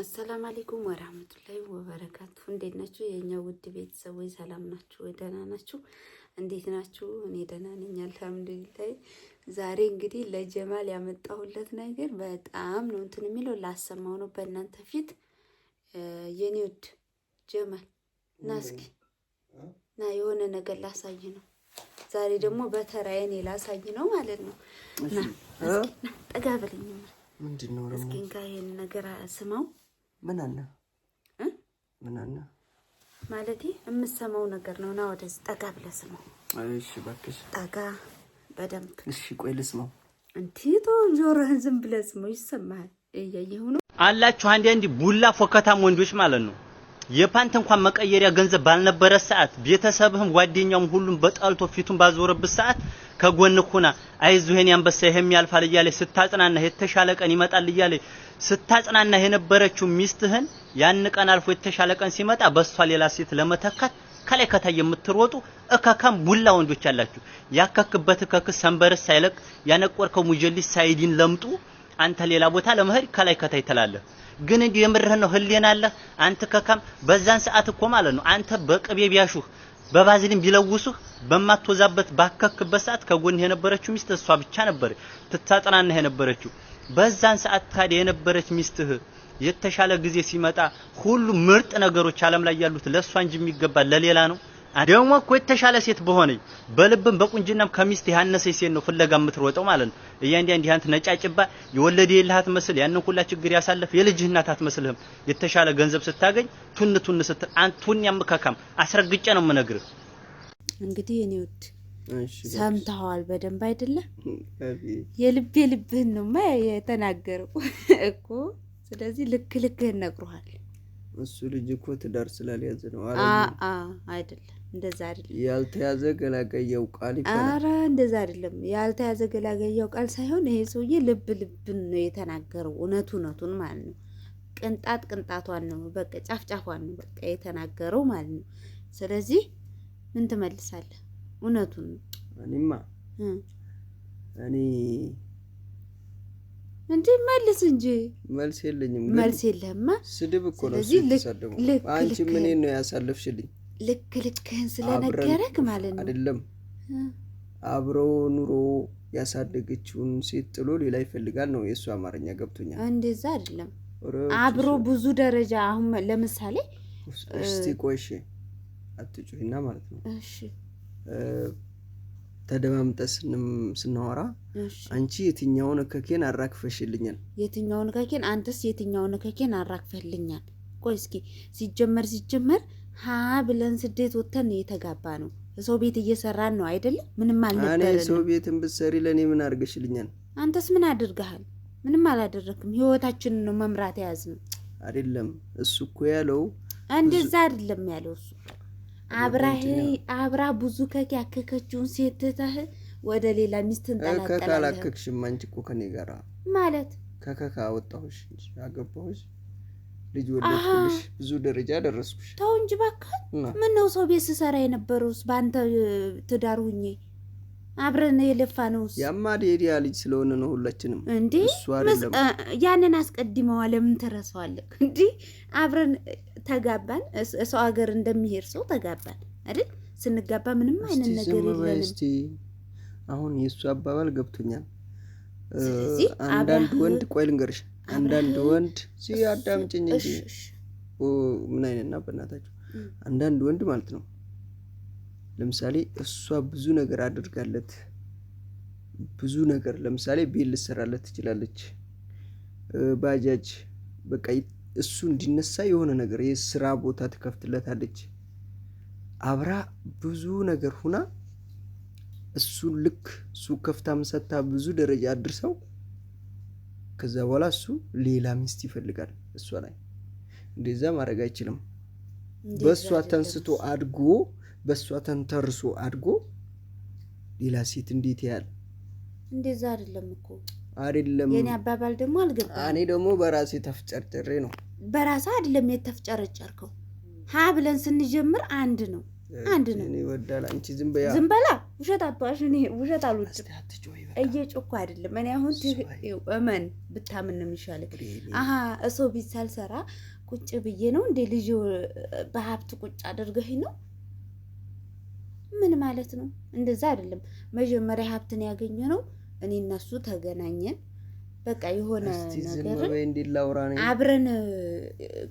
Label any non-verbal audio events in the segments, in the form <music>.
አሰላም አሌይኩም ወራህመቱላሂ ወበረካቱ። እንዴት ናችሁ የእኛ ውድ ቤተሰቦች? ሰላም ናችሁ? ደህና ናችሁ? እንዴት ናችሁ? እኔ ደህና ነኝ አልሐምዱሊላህ። ዛሬ እንግዲህ ለጀማል ያመጣሁለት ነገር በጣም ነው እንትን የሚለው ላሰማው ነው በእናንተ ፊት። የኔ ውድ ጀማል ና እስኪ ና የሆነ ነገር ላሳይ ነው ዛሬ ደግሞ በተራዬ እኔ ላሳይ ነው ማለት ነው። ና ጠጋ በለኝ። ምንድን ነው እስኪ እንካ ይሄን ነገር ስማው ምን አለ ምን አለ ማለት የምሰማው ነገር ነው። ና ወደዚህ ጠጋ ብለህ ስማው። እሺ እባክሽ ጠጋ በደንብ እሺ። ቆይ ልስማው። እንቲቶ ጆሮህን ዝም ብለህ ስማው፣ ይሰማሃል። እያየሁ ነው አላችሁ። አንዴ አንዳንድ ቡላ ፎከታም ወንዶች ማለት ነው የፓንት እንኳን መቀየሪያ ገንዘብ ባልነበረ ሰዓት ቤተሰብህም ጓደኛውም ሁሉም በጣልቶ ፊቱን ባዞረበት ሰዓት ከጎን ሆና አይዞህ የኔ አንበሳ ይሄም ያልፋል እያለ ስታጽናና የተሻለ ቀን ይመጣል እያለ ስታጽናና የነበረችው ሚስትህን ያን ቀን አልፎ የተሻለ ቀን ሲመጣ በሷ ሌላ ሴት ለመተካት ከላይ ከታይ የምትሮጡ እከከም ሙላ ወንዶች አላችሁ። ያከክበት እከክ ሰንበር ሳይለቅ ያነቆርከው ሙጀሊስ ሳይዲን ለምጡ አንተ ሌላ ቦታ ለመሄድ ከላይ ከታይ ትላለህ። ግን እንዲሁ የምርህን ነው ህሊና አለ አንተ ከካም በዛን ሰዓት እኮ ማለት ነው አንተ በቅቤ ቢያሹህ በባዝሊን ቢለውሱህ በማትወዛበት ባከክበት ሰዓት ከጎን የነበረችው ሚስት እሷ ብቻ ነበር ትታጠናና የነበረችው። በዛን ሰዓት ታዲያ የነበረች ሚስትህ የተሻለ ጊዜ ሲመጣ ሁሉ ምርጥ ነገሮች አለም ላይ ያሉት ለእሷ እንጂ የሚገባ ለሌላ ነው። ደግሞ እኮ የተሻለ ሴት በሆነኝ በልብም በቁንጅናም ከሚስት ያነሰ ሴት ነው ፍለጋ የምትሮጠው ማለት ነው። እያንዳንድ ይህን ነጫጭባ የወለደ የለህ መስል ያንን ሁላ ችግር ያሳለፍ የልጅህ እናት አትመስልህም። የተሻለ ገንዘብ ስታገኝ ቱን ቱን ስትል አንቱን ያምካካም አስረግጬ ነው የምነግርህ። እንግዲህ እኔ ውድ ሰምተዋል በደንብ አይደለም? የልቤ ልብህን ነው የተናገረው <laughs> እኮ ስለዚህ ልክ ልክህን ነግሮሃል። እሱ ልጅ እኮ ትዳር ስላልያዘ ነው። አይደለም እንደዛ አይደለም። ያልተያዘ ገላገያው ቃል ይባላል። ኧረ እንደዛ አይደለም። ያልተያዘ ገላገያው ቃል ሳይሆን ይሄ ሰውዬ ልብ ልብን ነው የተናገረው። እውነቱ እውነቱን ማለት ነው። ቅንጣት ቅንጣቷን ነው በቃ ጫፍ ጫፏን ነው በቃ የተናገረው ማለት ነው። ስለዚህ ምን ትመልሳለህ? እውነቱን ነው። እኔማ እኔ እንዴ መልስ እንጂ መልስ የለኝም። መልስ የለም ስድብ እኮ ነው። ስለዚህ አንቺ ምን ነው ያሳለፍሽልኝ? ልክ ልክህን ስለነገረክ ማለት ነው። አይደለም አብሮ ኑሮ ያሳደገችውን ሴት ጥሎ ሌላ ይፈልጋል ነው የእሱ አማርኛ ገብቶኛል። እንደዛ አይደለም አብሮ ብዙ ደረጃ አሁን ለምሳሌ እስቲ ቆይ እሺ፣ አትጩሂና ማለት ነው እሺ ተደማምጠ ስናወራ አንቺ የትኛውን እከኬን አራክፈሽልኛል የትኛውን እከኬን አንተስ የትኛውን እከኬን አራክፈልኛል? ቆይ እስኪ ሲጀመር ሲጀመር ሀ ብለን ስደት ወጥተን የተጋባ ነው። ሰው ቤት እየሰራን ነው አይደለም? ምንም አልነበረ። እኔ ሰው ቤትን ብትሰሪ ለእኔ ምን አድርገሽልኛል? አንተስ ምን አድርገሃል? ምንም አላደረክም። ህይወታችንን ነው መምራት የያዝነው አይደለም? እሱ እኮ ያለው እንደዛ አይደለም ያለው እሱ አብራ ብዙ ከክ ያከከችውን ሴት ትተህ ወደ ሌላ ሚስት እንጠላጠላከካላከክሽማ አንቺ እኮ ከኔ ጋራ ማለት ከከካ አወጣሁሽ አገባሁሽ ልጅ ወለድኩልሽ ብዙ ደረጃ ደረስኩሽ። ተው እንጂ እባክህ። ምነው ሰው ቤት ስሰራ የነበረውስ በአንተ ትዳር ሁኜ አብረን የለፋ ነው። ያማዴሪያ ልጅ ስለሆነ ነው ሁላችንም። እንዴ ያንን አስቀድመዋ ለምን ትረሳዋለህ? <laughs> እንዲህ አብረን ተጋባን። ሰው ሀገር እንደሚሄድ ሰው ተጋባን አይደል? ስንጋባ ምንም አይነት ነገር የለንም። አሁን የእሱ አባባል ገብቶኛል። አንዳንድ ወንድ ቆይ ልንገርሽ፣ አንዳንድ ወንድ አዳምጭኝ እንጂ ምን አይነት ና በእናታችሁ፣ አንዳንድ ወንድ ማለት ነው ለምሳሌ እሷ ብዙ ነገር አድርጋለት ብዙ ነገር ለምሳሌ ቤት ልሰራለት ትችላለች። ባጃጅ በቃ እሱ እንዲነሳ የሆነ ነገር የስራ ቦታ ትከፍትለታለች። አብራ ብዙ ነገር ሁና እሱን ልክ እሱ ከፍታ ምሰታ ብዙ ደረጃ አድርሰው ከዛ በኋላ እሱ ሌላ ሚስት ይፈልጋል እሷ ላይ። እንደዛ ማድረግ አይችልም። በእሷ ተንስቶ አድጎ በእሷ ተንተርሶ አድጎ ሌላ ሴት እንዴት ያል? እንደዛ አይደለም እኮ አይደለም። የኔ አባባል ደግሞ አልገባም። እኔ ደግሞ በራሴ ተፍጨርጭሬ ነው። በራሳ አይደለም የተፍጨረጨርከው። ሀ ብለን ስንጀምር አንድ ነው አንድ ነው። እኔ ወዳል አንቺ ዝም በያ ዝም በላ ውሸት አትዋሽ። እኔ ውሸት አልወድም። እየጮኩ አይደለም። እኔ አሁን እመን ብታምን ነው የሚሻለው። አሀ እሰው ቤት ሳልሰራ ቁጭ ብዬ ነው እንዴ? ልጅ በሀብት ቁጭ አድርገኝ ነው ምን ማለት ነው? እንደዛ አይደለም። መጀመሪያ ሀብትን ያገኘ ነው። እኔ እነሱ ተገናኘን፣ በቃ የሆነ ነገርን አብረን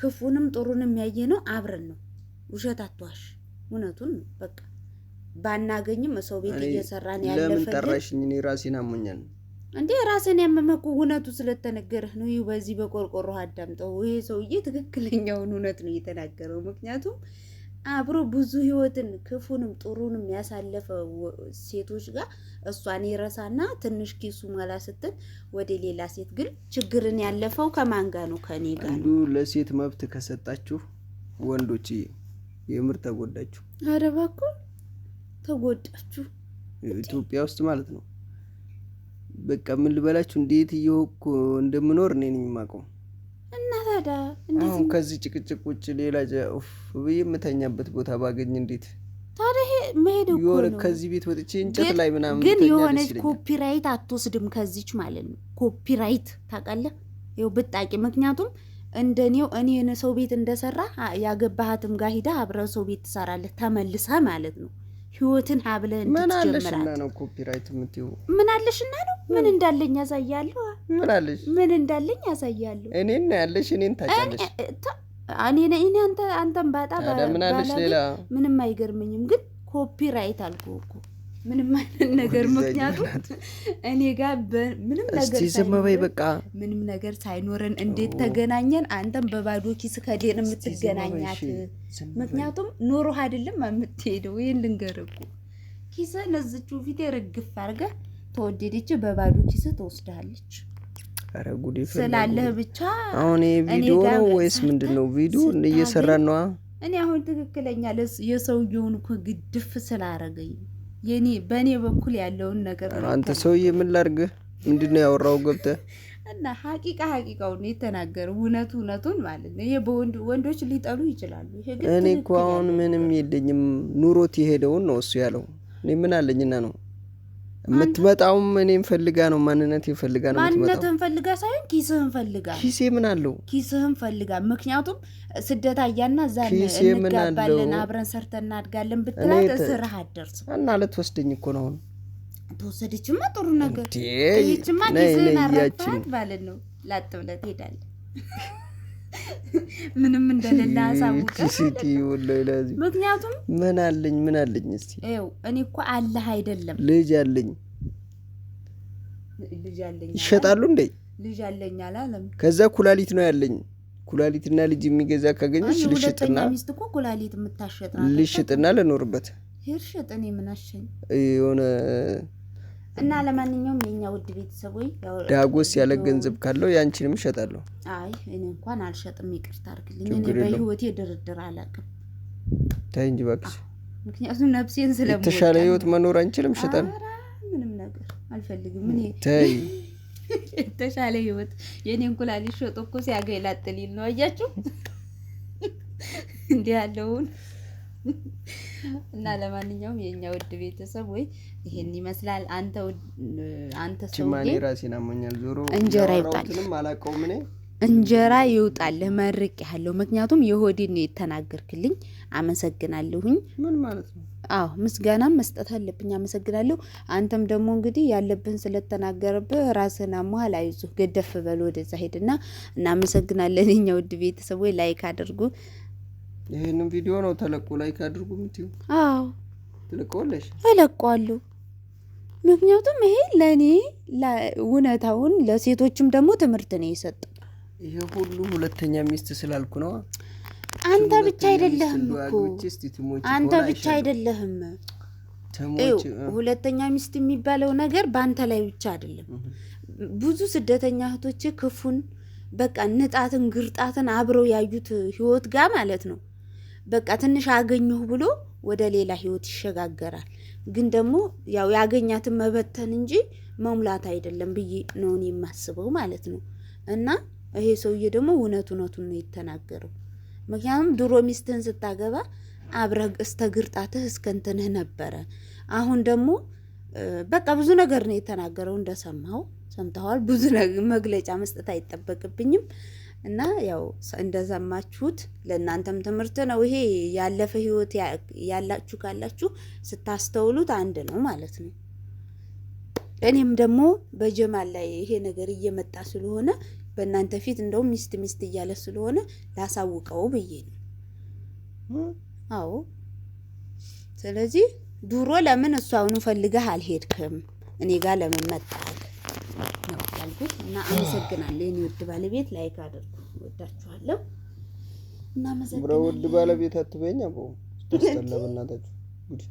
ክፉንም ጥሩንም ያየ ነው አብረን ነው። ውሸት አትዋሽ፣ እውነቱን በቃ ባናገኝም ሰው ቤት እየሰራን ያለፈልን። ለምን ጠራሽኝ? እኔ ራሴን አሞኛል። እንዴ ራስን ያመመኩ እውነቱ ስለተነገረህ ነው። በዚህ በቆርቆሮ አዳምጠው። ይሄ ሰውዬ ትክክለኛውን እውነት ነው እየተናገረው ምክንያቱም አብሮ ብዙ ህይወትን ክፉንም ጥሩንም ያሳለፈ ሴቶች ጋር እሷን ይረሳና ትንሽ ኪሱ ሞላ ስትል ወደ ሌላ ሴት። ግን ችግርን ያለፈው ከማን ጋር ነው? ከኔ ጋር ነው። አንዱ ለሴት መብት ከሰጣችሁ ወንዶች የምር ተጎዳችሁ። ኧረ እባክህ ተጎዳችሁ። ኢትዮጵያ ውስጥ ማለት ነው። በቃ ምን ልበላችሁ፣ እንዴት እየሆንኩ እንደምኖር እኔ ነኝ የማውቀው። እና ታዲያ አሁን ከዚህ ጭቅጭቅ ውጭ ሌላ የምተኛበት ቦታ ባገኝ እንዴት ታዲያ መሄድ የሆነ ከዚህ ቤት ወጥቼ እንጨት ላይ ምናምን ግን የሆነች ኮፒራይት አትወስድም ከዚች ማለት ነው። ኮፒራይት ታውቃለህ፣ ይኸው ብጣቂ ምክንያቱም እንደኔው እኔን ሰው ቤት እንደሰራ ያገባሃትም ጋር ሂዳ አብረህ ሰው ቤት ትሰራለህ ተመልሰህ ማለት ነው። ህይወትን ሀብለህ እንድትጀምራት ነው። ኮፒራይት የምትይው ምን አለሽና ነው? ምን እንዳለኝ ያሳያለሁ። ምን አለሽ? ምን እንዳለኝ ያሳያለሁ። እኔን ነው ያለሽ። እኔን ታውቂያለሽ። እኔ አንተ አንተን ባጣ ምን አለሽ? ሌላ ምንም አይገርመኝም፣ ግን ኮፒራይት አልኩህ እኮ ምንም አይነት ነገር ምክንያቱም እኔ ጋር ምንም ነገር ዝም በይ በቃ ምንም ነገር ሳይኖረን እንዴት ተገናኘን? አንተም በባዶ ኪስ ከዴን የምትገናኛት ምክንያቱም ኖሮ አይደለም የምትሄደው። ይህን ልንገርህ እኮ ነዝቹ ፊቴ ርግፍ አርገ ተወደደች በባዶ ኪስ ትወስዳለች። ስላለህ ብቻ አሁን ቪዲዮ ነው ወይስ ምንድን ነው? ቪዲዮ እየሰራን ነዋ። እኔ አሁን ትክክለኛ የሰውየውን ግድፍ ስላረገኝ የኔ በእኔ በኩል ያለውን ነገር አንተ ሰውዬ ምን ላድርግህ? ምንድን ነው ያወራው ገብተ እና ሀቂቃ ሀቂቃውን የተናገረ እውነቱ እውነቱን ማለት ነው። ይሄ ወንዶች ሊጠሉ ይችላሉ። እኔ እኮ አሁን ምንም የለኝም ኑሮት የሄደውን ነው እሱ ያለው። እኔ ምን አለኝና ነው የምትመጣውም እኔም ፈልጋ ነው። ማንነት ፈልጋ ነው። ማንነትህን ፈልጋ ሳይሆን ኪስህን ፈልጋ። ኪሴ ምን አለው? ኪስህን ፈልጋ። ምክንያቱም ስደት አያና እዛ እንጋባለን አብረን ሰርተን እናድጋለን ብትላት እስርህ አደርስ እና ልትወስደኝ እኮ ነው። ተወሰደችማ፣ ጥሩ ነገር ይችማ። ኪስህን አረግፈት ማለት ነው። ላጥ ብለህ ትሄዳለህ። ምንም እንደሌለ አሳውቀህ። <laughs> ምክንያቱም ምን አለኝ ምን አለኝ እስቲ ይኸው እኔ እኮ አለህ አይደለም ልጅ አለኝ ይሸጣሉ እንዴ? ልጅ አለኝ አላለም። ከዛ ኩላሊት ነው ያለኝ። ኩላሊትና ልጅ የሚገዛ ካገኘች ልሽጥና ሚስት እኮ ኩላሊት የምታሸጥ ልሽጥና ልኖርበት ሄርሽጥ እኔ ምን የሆነ እና ለማንኛውም የኛ ውድ ቤተሰቦች ዳጎስ ያለ ገንዘብ ካለው ያንቺንም እሸጣለሁ። አይ እኔ እንኳን አልሸጥም፣ ይቅርታ አድርግልኝ። እኔ በህይወቴ ድርድር አላውቅም። ታይ እንጂ እባክሽ፣ ምክንያቱም ነፍሴን ስለሞ የተሻለ ህይወት መኖር አንችልም። እሸጣለሁ። ምንም ነገር አልፈልግም። እኔ ታይ <laughs> የተሻለ ህይወት የእኔ እንኩላል ሸጦ እኮ ሲያገኝ ላጥልል ነው። አያችሁ <laughs> እንዲህ ያለውን እና ለማንኛውም የእኛ ውድ ቤተሰብ ወይ ይሄን ይመስላል። አንተ አንተ ሰውዬ ራሴን አሞኛል። ዞሮ እንጀራ ይውጣል አላውቀውም እኔ እንጀራ ይውጣል። መርቅ ያለው ምክንያቱም የሆዴን ነው የተናገርክልኝ። አመሰግናለሁኝ። ምን ማለት ነው? አዎ ምስጋናም መስጠት አለብኝ። አመሰግናለሁ። አንተም ደግሞ እንግዲህ ያለብህን ስለተናገረብህ ራስህን አሟል። አይዞህ፣ ገደፍ በል ወደዛ ሄድና እናመሰግናለን። የኛ ውድ ቤተሰብ ወይ ላይክ አድርጉ። ይሄንን ቪዲዮ ነው ተለቆ ላይክ አድርጉ የምትይው? አዎ ትልቀዋለሽ? እለቀዋለሁ። ምክንያቱም ይሄ ለእኔ እውነታውን ለሴቶችም ደግሞ ትምህርት ነው የሰጠ። ይሄ ሁሉ ሁለተኛ ሚስት ስላልኩ ነው። አንተ ብቻ አይደለህም እኮ አንተ ብቻ አይደለህም። ሁለተኛ ሚስት የሚባለው ነገር በአንተ ላይ ብቻ አይደለም። ብዙ ስደተኛ እህቶች ክፉን በቃ ንጣትን ግርጣትን አብረው ያዩት ህይወት ጋር ማለት ነው በቃ ትንሽ አገኘሁ ብሎ ወደ ሌላ ህይወት ይሸጋገራል። ግን ደግሞ ያው ያገኛትን መበተን እንጂ መሙላት አይደለም ብዬ ነው እኔ የማስበው ማለት ነው። እና ይሄ ሰውዬ ደግሞ እውነት እውነቱን ነው የተናገረው። ምክንያቱም ድሮ ሚስትህን ስታገባ አብረህ እስተ ግርጣትህ እስከንትንህ ነበረ። አሁን ደግሞ በቃ ብዙ ነገር ነው የተናገረው። እንደሰማው ሰምተዋል። ብዙ መግለጫ መስጠት አይጠበቅብኝም። እና ያው እንደሰማችሁት ለእናንተም ትምህርት ነው። ይሄ ያለፈ ህይወት ያላችሁ ካላችሁ ስታስተውሉት አንድ ነው ማለት ነው። እኔም ደግሞ በጀማል ላይ ይሄ ነገር እየመጣ ስለሆነ በእናንተ ፊት እንደውም ሚስት ሚስት እያለ ስለሆነ ላሳውቀው ብዬ ነው። አዎ፣ ስለዚህ ድሮ ለምን እሱ አሁኑ ፈልገህ አልሄድክም እኔ ጋር ለምን መጣል ነው ያልኩት እና አመሰግናለሁ። የኔ ውድ ባለቤት ላይክ አድርጉ፣ ወዳችኋለሁ እና አመሰግናለሁ። ውድ ባለቤት አትበይኝ አቦ ስተስተላ በእናታችሁ